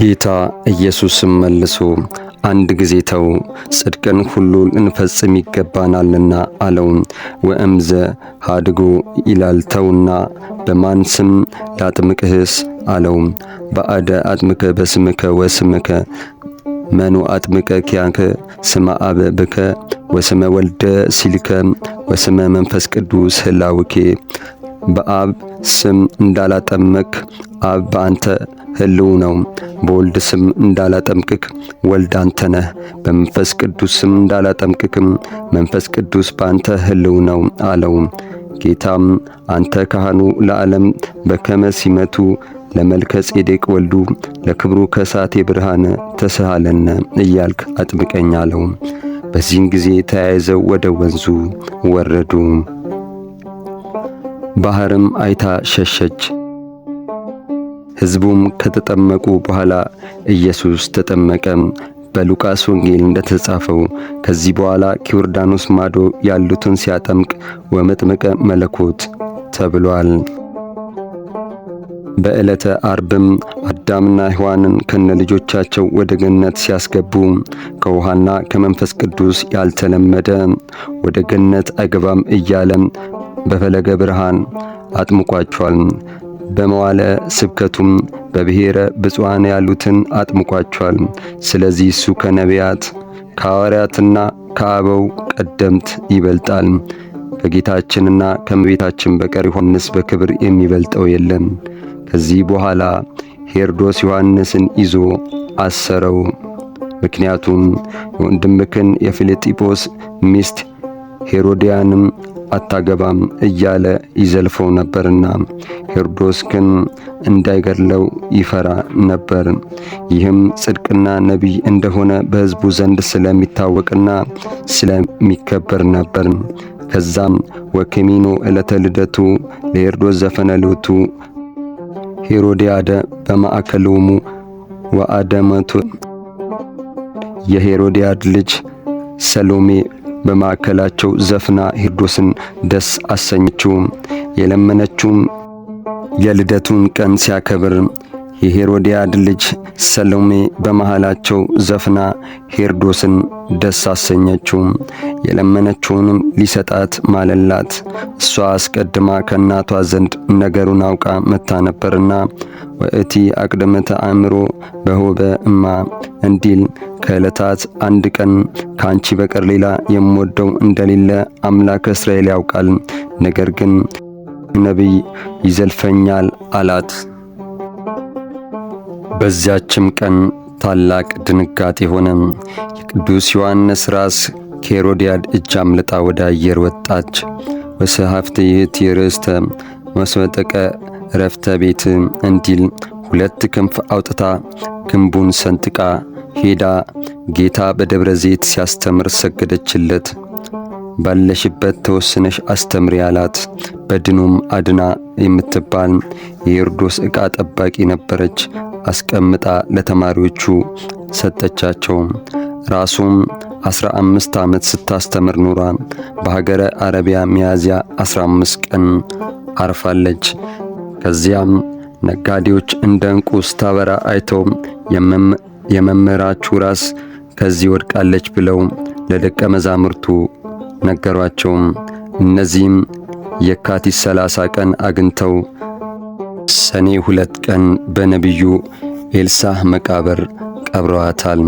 ጌታ ኢየሱስም መልሶ አንድ ጊዜ ተው፣ ጽድቅን ሁሉ እንፈጽም ይገባናልና አለው። ወእምዘ ሀድጎ ይላል ተውና፣ በማን ስም ላጥምቅህስ አለው። በአደ አጥምከ በስምከ ወስምከ መኑ አጥምቀ ኪያከ ስመ አበ ብከ ወስመ ወልደ ሲልከ ወስመ መንፈስ ቅዱስ ህላውኬ በአብ ስም እንዳላጠመክ አብ በአንተ ህልው ነው። በወልድ ስም እንዳላጠምቅክ ወልድ አንተ ነህ። በመንፈስ ቅዱስ ስም እንዳላጠምቅክም መንፈስ ቅዱስ በአንተ ህልው ነው አለው። ጌታም አንተ ካህኑ ለዓለም በከመ ሲመቱ ለመልከ ጼዴቅ ወልዱ ለክብሩ ከሳቴ ብርሃነ ተስሃለነ እያልክ አጥምቀኝ አለው። በዚህን ጊዜ ተያይዘው ወደ ወንዙ ወረዱ። ባሕርም አይታ ሸሸች። ሕዝቡም ከተጠመቁ በኋላ ኢየሱስ ተጠመቀ። በሉቃስ ወንጌል እንደተጻፈው ከዚህ በኋላ ከዮርዳኖስ ማዶ ያሉትን ሲያጠምቅ ወመጥመቀ መለኮት ተብሏል። በዕለተ አርብም አዳምና ሔዋንን ከነ ልጆቻቸው ወደ ገነት ሲያስገቡ ከውሃና ከመንፈስ ቅዱስ ያልተለመደ ወደ ገነት አይገባም እያለም በፈለገ ብርሃን አጥምቋቸዋል። በመዋለ ስብከቱም በብሔረ ብፁዓን ያሉትን አጥምቋቸዋል። ስለዚህ እሱ ከነቢያት ከሐዋርያትና ከአበው ቀደምት ይበልጣል። ከጌታችንና ከመቤታችን በቀር ዮሐንስ በክብር የሚበልጠው የለም። ከዚህ በኋላ ሄሮድስ ዮሐንስን ይዞ አሰረው። ምክንያቱም ወንድምክን የፊልጶስ ሚስት ሄሮድያንም አታገባም እያለ ይዘልፈው ነበርና ሄሮዶስ ግን እንዳይገድለው ይፈራ ነበር። ይህም ጽድቅና ነቢይ እንደሆነ በሕዝቡ ዘንድ ስለሚታወቅና ስለሚከበር ነበር። ከዛም ወኬሚኖ ዕለተ ልደቱ ለሄሮዶስ ዘፈነ ልውቱ ሄሮድያደ በማእከሎሙ ወአደመቱ የሄሮድያድ ልጅ ሰሎሜ በማዕከላቸው ዘፍና ሄርዶስን ደስ አሰኘችው። የለመነችውም የልደቱን ቀን ሲያከብር የሄሮዲያድ ልጅ ሰሎሜ በመሃላቸው ዘፍና ሄርዶስን ደስ አሰኘችው። የለመነችውንም ሊሰጣት ማለላት። እሷ አስቀድማ ከእናቷ ዘንድ ነገሩን አውቃ መታ ነበርና ወእቲ አቅድመተ አእምሮ በሆበ እማ እንዲል ከዕለታት አንድ ቀን ከአንቺ በቀር ሌላ የምወደው እንደሌለ አምላክ እስራኤል ያውቃል፣ ነገር ግን ነቢይ ይዘልፈኛል አላት። በዚያችም ቀን ታላቅ ድንጋጤ ሆነ። የቅዱስ ዮሐንስ ራስ ከሄሮድያድ እጅ አምልጣ ወደ አየር ወጣች። ወሰሐፍት ይህት ርዕስተ መስመጠቀ ረፍተ ቤት እንዲል ሁለት ክንፍ አውጥታ ግንቡን ሰንጥቃ ሄዳ ጌታ በደብረ ዘይት ሲያስተምር ሰገደችለት። ባለሽበት ተወስነሽ አስተምሪ አላት። በድኑም አድና የምትባል የዮርዶስ ዕቃ ጠባቂ ነበረች። አስቀምጣ ለተማሪዎቹ ሰጠቻቸው። ራሱም አስራ አምስት ዓመት ስታስተምር ኑራ በሀገረ አረቢያ ሚያዝያ አስራ አምስት ቀን አርፋለች። ከዚያም ነጋዴዎች እንደ ዕንቁ ስታበራ አይተው የመምህራችሁ ራስ ከዚህ ወድቃለች ብለው ለደቀ መዛሙርቱ ነገሯቸው። እነዚህም የካቲት 30 ቀን አግኝተው ሰኔ ሁለት ቀን በነቢዩ ኤልሳህ መቃብር ቀብረዋታል።